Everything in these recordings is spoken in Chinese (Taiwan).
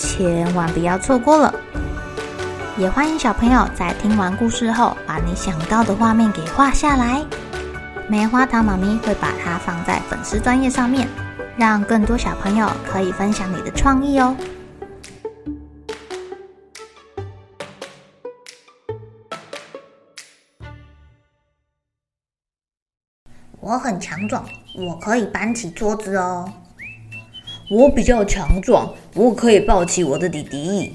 千萬不要錯過了！也歡迎小朋友在聽完故事後，把你想到的畫面給畫下來。棉花糖媽咪會把它放在粉絲專頁上面，讓更多小朋友可以分享你的創意哦。我很強壯，我可以搬起桌子哦。我比較強壯，我可以抱起我的弟弟。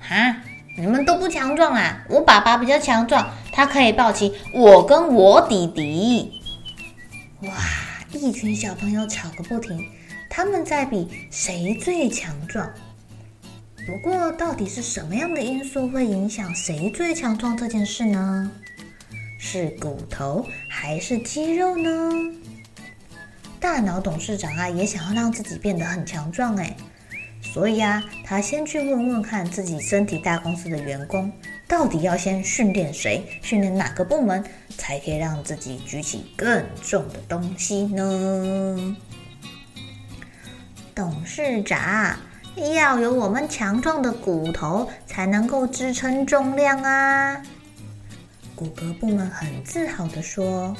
哈，你們都不強壯啊？我爸爸比較強壯，他可以抱起我跟我弟弟。哇，一群小朋友吵個不停，他們在比誰最強壯。不過，到底是什麼樣的因素會影響誰最強壯這件事呢？是骨頭還是肌肉呢？大腦董事長啊，也想要讓自己變得很強壯哎，所以啊，他先去問問看自己身體大公司的員工，到底要先訓練誰，訓練哪個部門，才可以讓自己舉起更重的東西呢？董事長要有我們強壯的骨頭，才能夠支撐重量啊！骨骼部門很自豪的說：“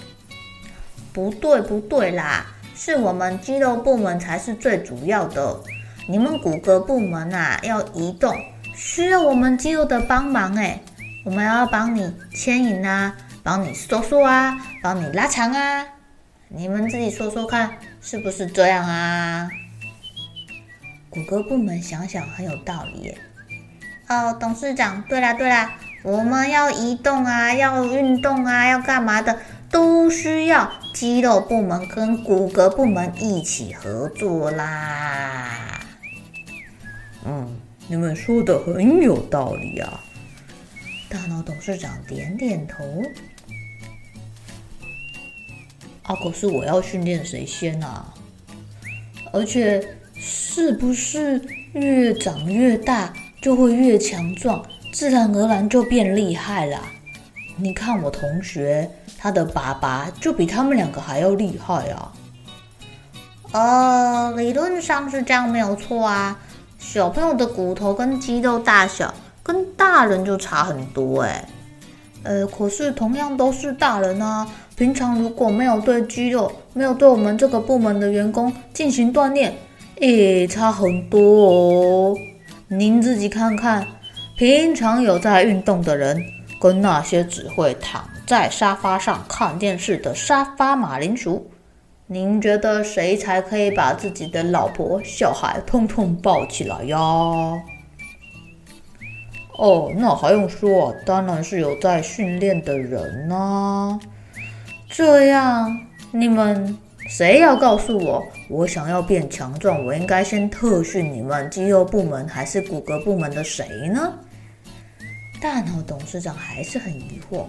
不對，不對啦！”是我們肌肉部門才是最主要的，你們骨骼部門啊，要移動需要我們肌肉的幫忙誒、欸,我們要幫你牽引啊，幫你收縮啊，幫你拉長啊，你們自己說說看，是不是這樣啊？骨骼部門想想很有道理、欸，哦，董事長，對啦對啦，我們要移動啊，要運動啊，要幹嘛的？都需要肌肉部門跟骨骼部門一起合作啦。嗯，你們說的很有道理啊。大腦董事長點點頭。啊可是我要訓練誰先啊？而且是不是越長越大就會越強壯，自然而然就變厲害啦你看我同學，他的爸爸就比他們兩個還要厲害啊！呃，理論上是這樣，沒有錯啊。小朋友的骨頭跟肌肉大小跟大人就差很多誒、欸。呃，可是同樣都是大人啊，平常如果沒有對肌肉，沒有對我們這個部門的員工進行鍛鍊，也差很多哦。您自己看看，平常有在運動的人。跟那些只會躺在沙發上看電視的沙發馬鈴薯，您覺得誰才可以把自己的老婆、小孩通通抱起來呀？哦，那還用說，當然是有在訓練的人呢、啊。這樣，你們誰要告訴我，我想要變強壯，我應該先特訓你們肌肉部門還是骨骼部門的誰呢？大腦董事長還是很疑惑。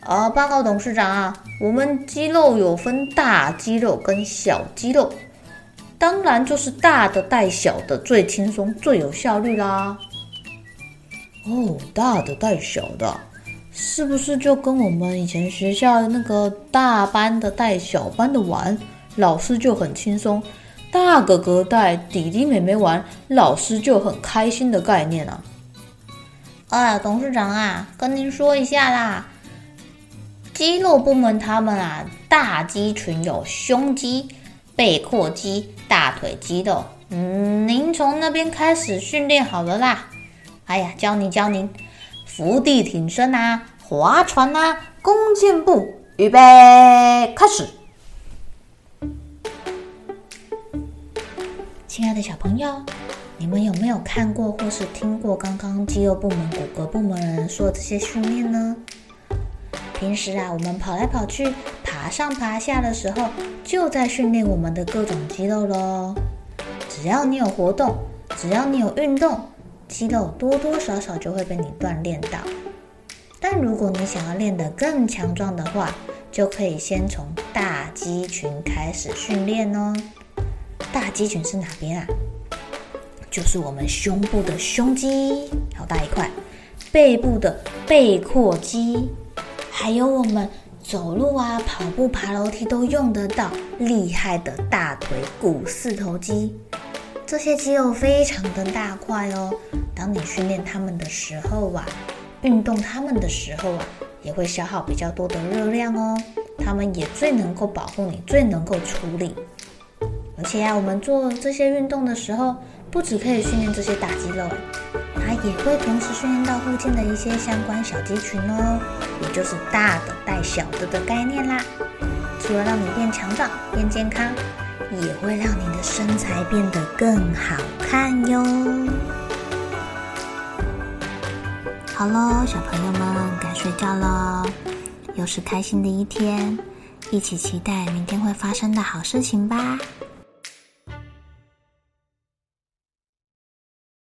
啊、呃，報告董事長啊，我們肌肉有分大肌肉跟小肌肉，當然就是大的帶小的最輕鬆最有效率啦。哦，大的帶小的，是不是就跟我們以前學校的那個大班的帶小班的玩，老師就很輕鬆；大哥哥帶弟弟妹妹玩，老師就很開心的概念啊？呃、嗯，董事長啊，跟您說一下啦。肌肉部門他們啊,大肌群有胸肌、背闊肌、大腿肌肉。嗯，您從那邊開始訓練好了啦。哎呀，教您教您，伏地挺身啊，划船啊，弓箭步，預備，開始。親愛的小朋友。你們有沒有看過或是聽過剛剛肌肉部門、骨骼部門的人說這些訓練呢？平時啊，我們跑來跑去、爬上爬下的時候，就在訓練我們的各種肌肉咯。只要你有活動，只要你有運動，肌肉多多少少就會被你鍛鍊到。但如果你想要練得更強壯的話，就可以先從大肌群開始訓練哦。大肌群是哪邊啊？就是我們胸部的胸肌，好大一塊；背部的背闊肌，還有我們走路啊、跑步、爬樓梯都用得到厲害的大腿股四頭肌。這些肌肉非常的大塊哦。當你訓練它們的時候啊，運動它們的時候啊，也會消耗比較多的熱量哦。它們也最能夠保護你，最能夠出力。而且啊，我們做這些運動的時候。不只可以訓練這些大肌肉，它、啊、也會同時訓練到附近的一些相關小肌群哦，也就是大的帶小的的概念啦。除了讓你變強壯、變健康，也會讓你的身材變得更好看喲。好嘍，小朋友們該睡覺嘍，又是開心的一天，一起期待明天會發生的好事情吧。